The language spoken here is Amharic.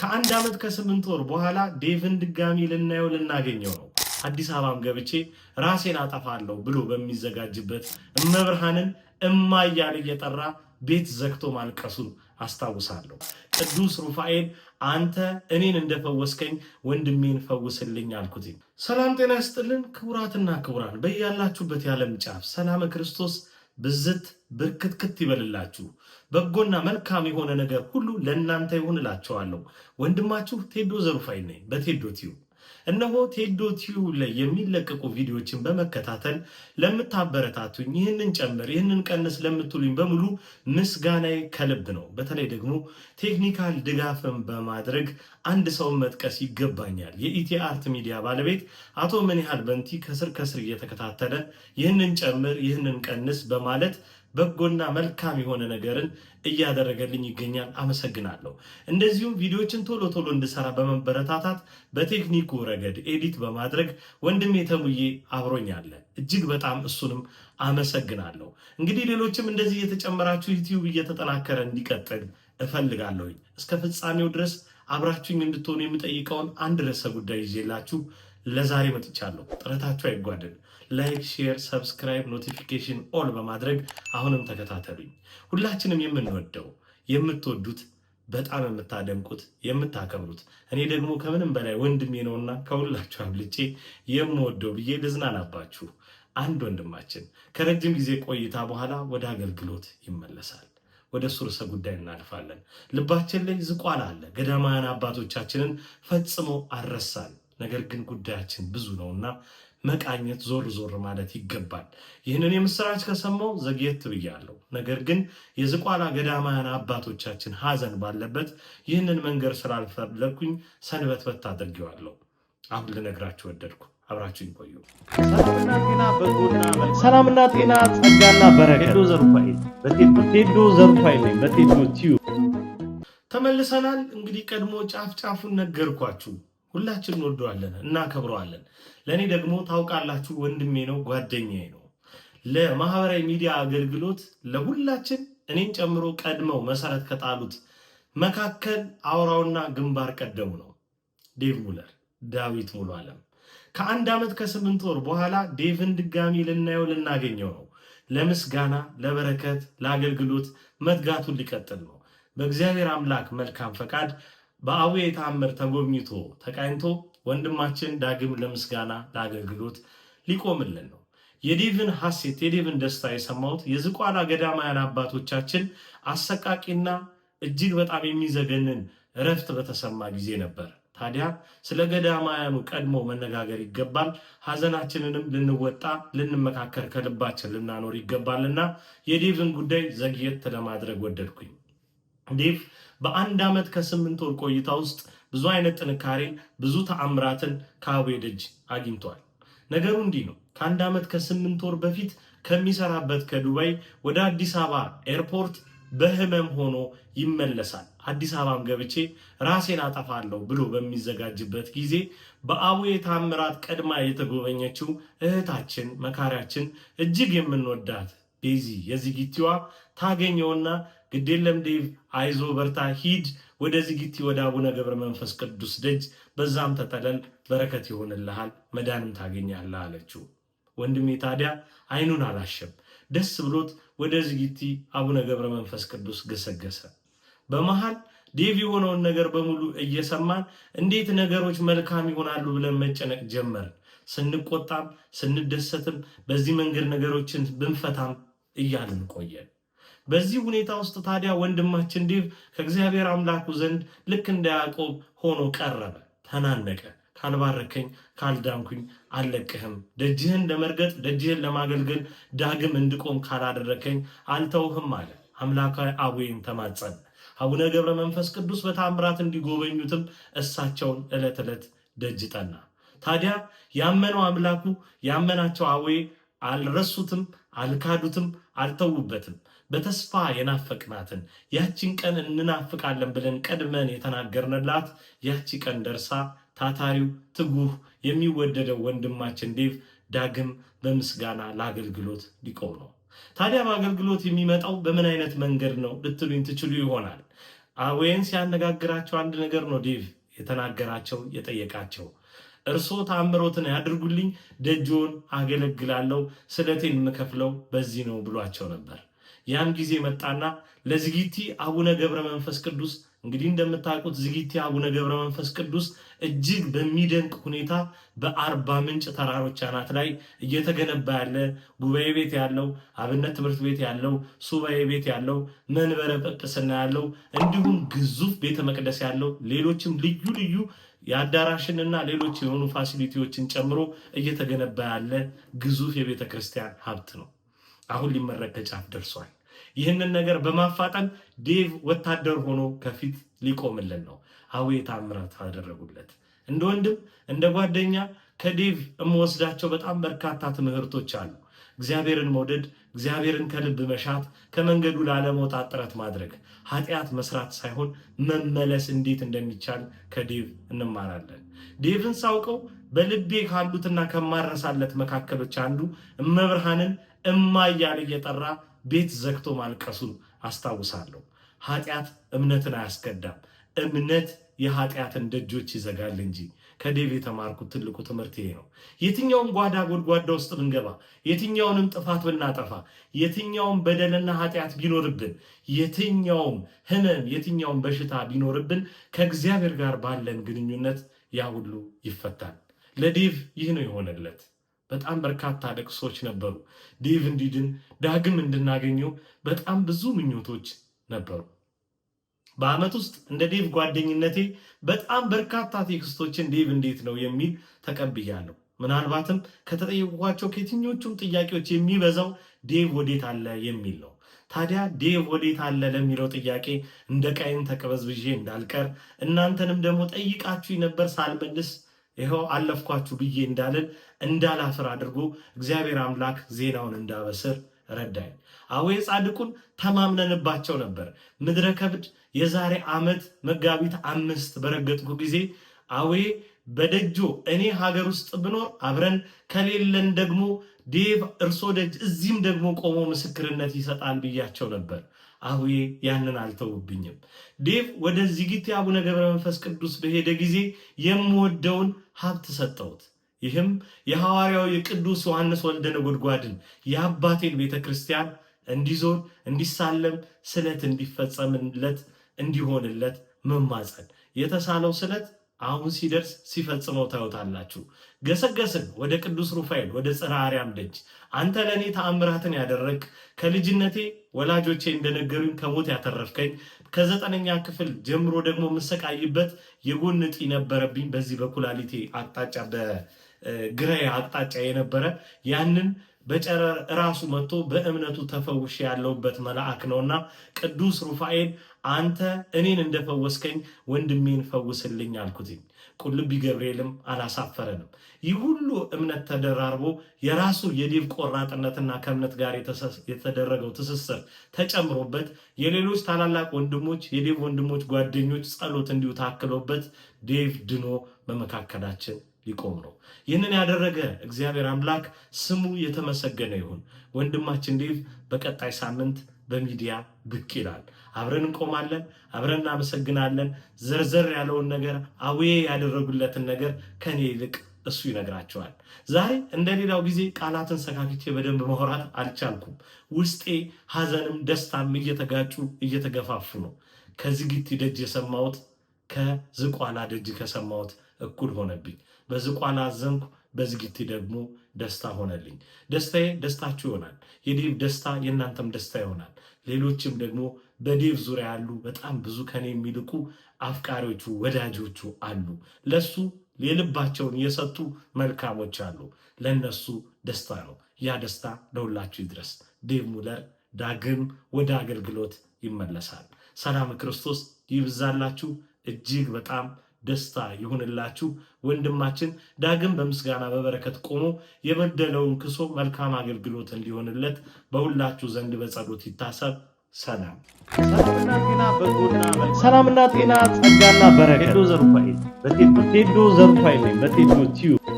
ከአንድ ዓመት ከስምንት ወር በኋላ ዴቭን ድጋሚ ልናየው ልናገኘው ነው። አዲስ አበባም ገብቼ ራሴን አጠፋለሁ ብሎ በሚዘጋጅበት እመብርሃንን እማ እያለ እየጠራ ቤት ዘግቶ ማልቀሱን አስታውሳለሁ። ቅዱስ ሩፋኤል አንተ እኔን እንደፈወስከኝ ወንድሜን ፈውስልኝ አልኩት። ሰላም ጤና ይስጥልን ክቡራትና ክቡራን፣ በያላችሁበት የዓለም ጫፍ ሰላም ክርስቶስ ብዝት ብርክትክት ይበልላችሁ። በጎና መልካም የሆነ ነገር ሁሉ ለእናንተ ይሁን ወንድማችሁ ቴዶ ዘሩፋይ ነኝ በቴዶ ቲዩብ እነሆ ቴዶ ቲዩ ላይ የሚለቀቁ ቪዲዮዎችን በመከታተል ለምታበረታቱኝ፣ ይህንን ጨምር፣ ይህንን ቀንስ ለምትሉኝ በሙሉ ምስጋናዬ ከልብ ነው። በተለይ ደግሞ ቴክኒካል ድጋፍን በማድረግ አንድ ሰውን መጥቀስ ይገባኛል። የኢቲ አርት ሚዲያ ባለቤት አቶ ምን ያህል በንቲ ከስር ከስር እየተከታተለ ይህንን ጨምር፣ ይህንን ቀንስ በማለት በጎና መልካም የሆነ ነገርን እያደረገልኝ ይገኛል። አመሰግናለሁ። እንደዚሁም ቪዲዮችን ቶሎ ቶሎ እንድሰራ በመበረታታት በቴክኒኩ ረገድ ኤዲት በማድረግ ወንድሜ ተሙዬ አብሮኛለ። እጅግ በጣም እሱንም አመሰግናለሁ። እንግዲህ ሌሎችም እንደዚህ እየተጨመራችሁ ዩቲዩብ እየተጠናከረ እንዲቀጥል እፈልጋለሁኝ። እስከ ፍጻሜው ድረስ አብራችሁኝ እንድትሆኑ የምጠይቀውን አንድ ርዕሰ ጉዳይ ይዤላችሁ ለዛሬ መጥቻለሁ። ጥረታችሁ አይጓደል። ላይክ፣ ሼር፣ ሰብስክራይብ፣ ኖቲፊኬሽን ኦል በማድረግ አሁንም ተከታተሉኝ። ሁላችንም የምንወደው የምትወዱት በጣም የምታደንቁት የምታከብሩት እኔ ደግሞ ከምንም በላይ ወንድሜ ነውና ከሁላችሁ አብልጬ የምወደው ብዬ ልዝናናባችሁ። አንድ ወንድማችን ከረጅም ጊዜ ቆይታ በኋላ ወደ አገልግሎት ይመለሳል። ወደ እሱ ርዕሰ ጉዳይ እናልፋለን። ልባችን ላይ ዝቋላ አለ። ገዳማውያን አባቶቻችንን ፈጽሞ አረሳል ነገር ግን ጉዳያችን ብዙ ነውና መቃኘት፣ ዞር ዞር ማለት ይገባል። ይህንን የምስራች ከሰማው ዘግየት ብያለሁ። ነገር ግን የዝቋላ ገዳማውያን አባቶቻችን ሐዘን ባለበት ይህንን መንገድ ስላልፈለግኩኝ ሰንበትበት አድርጌዋለሁ። አሁን ልነግራችሁ ወደድኩ። አብራችሁ ቆዩ። ሰላምና ጤና ጸጋና በረከት ተመልሰናል። እንግዲህ ቀድሞ ጫፍ ጫፉን ነገርኳችሁ። ሁላችን እንወደዋለን፣ እናከብረዋለን። ለእኔ ደግሞ ታውቃላችሁ ወንድሜ ነው፣ ጓደኛዬ ነው። ለማህበራዊ ሚዲያ አገልግሎት ለሁላችን እኔን ጨምሮ ቀድመው መሰረት ከጣሉት መካከል አውራውና ግንባር ቀደሙ ነው ዴቭ ሙለር ዳዊት ሙሉ አለም። ከአንድ ዓመት ከስምንት ወር በኋላ ዴቭን ድጋሚ ልናየው ልናገኘው ነው። ለምስጋና ለበረከት፣ ለአገልግሎት መትጋቱን ሊቀጥል ነው። በእግዚአብሔር አምላክ መልካም ፈቃድ በአቡዬ ተአምር ተጎብኝቶ ተቃኝቶ ወንድማችን ዳግም ለምስጋና ለአገልግሎት ሊቆምልን ነው። የዴቭን ሐሴት የዴቭን ደስታ የሰማሁት የዝቋላ ገዳማውያን አባቶቻችን አሰቃቂና እጅግ በጣም የሚዘገንን እረፍት በተሰማ ጊዜ ነበር። ታዲያ ስለ ገዳማውያኑ ቀድሞ መነጋገር ይገባል። ሐዘናችንንም ልንወጣ ልንመካከር፣ ከልባችን ልናኖር ይገባልና የዴቭን ጉዳይ ዘግየት ለማድረግ ወደድኩኝ። ዴቭ በአንድ ዓመት ከስምንት ወር ቆይታ ውስጥ ብዙ አይነት ጥንካሬን ብዙ ተአምራትን ከአቡዬ ደጅ አግኝቷል። ነገሩ እንዲህ ነው። ከአንድ ዓመት ከስምንት ወር በፊት ከሚሰራበት ከዱባይ ወደ አዲስ አበባ ኤርፖርት በህመም ሆኖ ይመለሳል። አዲስ አበባም ገብቼ ራሴን አጠፋለሁ ብሎ በሚዘጋጅበት ጊዜ በአቡዬ ታምራት ቀድማ የተጎበኘችው እህታችን መካሪያችን እጅግ የምንወዳት ዴዚ የዚጊቲዋ ታገኘውና ግዴለም ዴቭ አይዞ በርታ ሂድ ወደ ዚጊቲ ወደ አቡነ ገብረ መንፈስ ቅዱስ ደጅ በዛም ተጠለል በረከት ይሆንልሃል መዳንም ታገኛለህ አለችው። ወንድሜ ታዲያ አይኑን አላሸም። ደስ ብሎት ወደ ዚጊቲ አቡነ ገብረ መንፈስ ቅዱስ ገሰገሰ። በመሃል ዴቭ የሆነውን ነገር በሙሉ እየሰማን እንዴት ነገሮች መልካም ይሆናሉ ብለን መጨነቅ ጀመርን። ስንቆጣም ስንደሰትም በዚህ መንገድ ነገሮችን ብንፈታም እያልን ቆየን። በዚህ ሁኔታ ውስጥ ታዲያ ወንድማችን ዴቭ ከእግዚአብሔር አምላኩ ዘንድ ልክ እንደ ያዕቆብ ሆኖ ቀረበ፣ ተናነቀ። ካልባረከኝ ካልዳንኩኝ አልለቅህም፣ ደጅህን ለመርገጥ ደጅህን ለማገልገል ዳግም እንድቆም ካላደረከኝ አልተውህም አለ። አምላካዊ አቡዬን ተማጸነ። አቡነ ገብረ መንፈስ ቅዱስ በታምራት እንዲጎበኙትም እሳቸውን ዕለት ዕለት ደጅ ጠና። ታዲያ ያመነው አምላኩ ያመናቸው አቡዬ አልረሱትም፣ አልካዱትም፣ አልተዉበትም። በተስፋ የናፈቅናትን ያቺን ቀን እንናፍቃለን ብለን ቀድመን የተናገርንላት ያቺ ቀን ደርሳ ታታሪው ትጉህ የሚወደደው ወንድማችን ዴቭ ዳግም በምስጋና ለአገልግሎት ሊቆም ነው። ታዲያ በአገልግሎት የሚመጣው በምን አይነት መንገድ ነው ልትሉኝ ትችሉ ይሆናል። አዌን ሲያነጋግራቸው አንድ ነገር ነው ዴቭ የተናገራቸው የጠየቃቸው እርሶ ታምሮትን ያድርጉልኝ፣ ደጆን አገለግላለሁ፣ ስለቴን የምከፍለው በዚህ ነው ብሏቸው ነበር። ያን ጊዜ መጣና ለዝጊቲ አቡነ ገብረ መንፈስ ቅዱስ እንግዲህ እንደምታውቁት ዝጊቲ አቡነ ገብረ መንፈስ ቅዱስ እጅግ በሚደንቅ ሁኔታ በአርባ ምንጭ ተራሮች አናት ላይ እየተገነባ ያለ ጉባኤ ቤት ያለው አብነት ትምህርት ቤት ያለው ሱባኤ ቤት ያለው መንበረ ጵጵስና ያለው እንዲሁም ግዙፍ ቤተ መቅደስ ያለው ሌሎችም ልዩ ልዩ የአዳራሽንና ሌሎች የሆኑ ፋሲሊቲዎችን ጨምሮ እየተገነባ ያለ ግዙፍ የቤተ ክርስቲያን ሀብት ነው። አሁን ሊመረቅ ከጫፍ ደርሷል። ይህንን ነገር በማፋጠን ዴቭ ወታደር ሆኖ ከፊት ሊቆምልን ነው። አዌ ታምራት አደረጉለት። እንደ ወንድም እንደ ጓደኛ ከዴቭ የምወስዳቸው በጣም በርካታ ትምህርቶች አሉ። እግዚአብሔርን መውደድ፣ እግዚአብሔርን ከልብ መሻት፣ ከመንገዱ ላለመውጣት ጥረት ማድረግ፣ ኃጢአት መስራት ሳይሆን መመለስ እንዴት እንደሚቻል ከዴቭ እንማራለን። ዴቭን ሳውቀው በልቤ ካሉትና ከማረሳለት መካከሎች አንዱ እመብርሃንን እማ እያለ እየጠራ ቤት ዘግቶ ማልቀሱ አስታውሳለሁ። ኃጢአት እምነትን አያስቀዳም፣ እምነት የኃጢአትን ደጆች ይዘጋል እንጂ ከዴቭ የተማርኩት ትልቁ ትምህርት ይሄ ነው። የትኛውም ጓዳ ጎድጓዳ ውስጥ ብንገባ፣ የትኛውንም ጥፋት ብናጠፋ፣ የትኛውም በደልና ኃጢአት ቢኖርብን፣ የትኛውም ህመም የትኛውም በሽታ ቢኖርብን ከእግዚአብሔር ጋር ባለን ግንኙነት ያ ሁሉ ይፈታል። ለዴቭ ይህ ነው የሆነለት። በጣም በርካታ ለቅሶች ነበሩ። ዴቭ እንዲድን ዳግም እንድናገኘው በጣም ብዙ ምኞቶች ነበሩ። በአመት ውስጥ እንደ ዴቭ ጓደኝነቴ በጣም በርካታ ቴክስቶችን ዴቭ እንዴት ነው የሚል ተቀብያለሁ። ምናልባትም ከተጠየቅኳቸው ከየትኞቹም ጥያቄዎች የሚበዛው ዴቭ ወዴት አለ የሚል ነው። ታዲያ ዴቭ ወዴት አለ ለሚለው ጥያቄ እንደ ቃይን ተቅበዝብዤ እንዳልቀር እናንተንም ደግሞ ጠይቃችሁ ነበር ሳልመልስ ይኸው አለፍኳችሁ ብዬ እንዳልን እንዳላፍር አድርጎ እግዚአብሔር አምላክ ዜናውን እንዳበስር ረዳኝ። አቡነ ጻድቁን ተማምነንባቸው ነበር። ምድረ ከብድ የዛሬ ዓመት መጋቢት አምስት በረገጥኩ ጊዜ አዌ በደጆ እኔ ሀገር ውስጥ ብኖር አብረን ከሌለን ደግሞ ዴቭ እርሶ ደጅ እዚህም ደግሞ ቆሞ ምስክርነት ይሰጣል ብያቸው ነበር። አዌ ያንን አልተውብኝም። ዴቭ ወደ ዚጊት አቡነ ገብረ መንፈስ ቅዱስ በሄደ ጊዜ የምወደውን ሀብት ሰጠሁት። ይህም የሐዋርያው የቅዱስ ዮሐንስ ወልደ ነጎድጓድን የአባቴን ቤተ ክርስቲያን እንዲዞር እንዲሳለም ስለት እንዲፈጸምለት እንዲሆንለት መማፀን የተሳለው ስለት አሁን ሲደርስ ሲፈጽመው ታዩታላችሁ። ገሰገስን ወደ ቅዱስ ሩፋኤል ወደ ጽርሐ አርያም ደጅ አንተ ለእኔ ተአምራትን ያደረግ ከልጅነቴ ወላጆቼ እንደነገሩኝ ከሞት ያተረፍከኝ ከዘጠነኛ ክፍል ጀምሮ ደግሞ የምሰቃይበት የጎን እጢ ነበረብኝ በዚህ በኩላሊቴ አቅጣጫ ግራ አቅጣጫ የነበረ ያንን በጨረር ራሱ መጥቶ በእምነቱ ተፈውሽ ያለውበት መልአክ ነውና ቅዱስ ሩፋኤል አንተ እኔን እንደፈወስከኝ ወንድሜን ፈውስልኝ አልኩትኝ። ቁልቢ ገብርኤልም አላሳፈረንም። ይህ ሁሉ እምነት ተደራርቦ የራሱ የዲብ ቆራጥነትና ከእምነት ጋር የተደረገው ትስስር ተጨምሮበት የሌሎች ታላላቅ ወንድሞች የዴቭ ወንድሞች ጓደኞች ጸሎት እንዲሁ ታክሎበት ዴቭ ድኖ በመካከላችን ሊቆም ነው። ይህንን ያደረገ እግዚአብሔር አምላክ ስሙ የተመሰገነ ይሁን። ወንድማችን ዴቭ በቀጣይ ሳምንት በሚዲያ ብቅ ይላል። አብረን እንቆማለን፣ አብረን እናመሰግናለን። ዘርዘር ያለውን ነገር አዌ ያደረጉለትን ነገር ከኔ ይልቅ እሱ ይነግራቸዋል። ዛሬ እንደ ሌላው ጊዜ ቃላትን ሰካክቼ በደንብ ማውራት አልቻልኩም። ውስጤ ሐዘንም ደስታም እየተጋጩ እየተገፋፉ ነው። ከዝግቲ ደጅ የሰማሁት ከዝቋላ ደጅ ከሰማሁት እኩል ሆነብኝ። በዝቋላ አዘንኩ፣ በዝግቲ ደግሞ ደስታ ሆነልኝ። ደስታዬ ደስታችሁ ይሆናል። የዴቭ ደስታ የእናንተም ደስታ ይሆናል። ሌሎችም ደግሞ በዴቭ ዙሪያ ያሉ በጣም ብዙ ከኔ የሚልቁ አፍቃሪዎቹ ወዳጆቹ አሉ። ለሱ የልባቸውን የሰጡ መልካሞች አሉ። ለነሱ ደስታ ነው። ያ ደስታ ለሁላችሁ ይድረስ። ዴቭ ሙለር ዳግም ወደ አገልግሎት ይመለሳል። ሰላም ክርስቶስ ይብዛላችሁ። እጅግ በጣም ደስታ ይሁንላችሁ። ወንድማችን ዳግም በምስጋና በበረከት ቆሞ የበደለውን ክሶ መልካም አገልግሎት እንዲሆንለት በሁላችሁ ዘንድ በጸሎት ይታሰብ። ሰላም ሰላምና ጤና ጸጋና በረከት ቴዶ ዘሩፋኤል በቴዶ ቲዩብ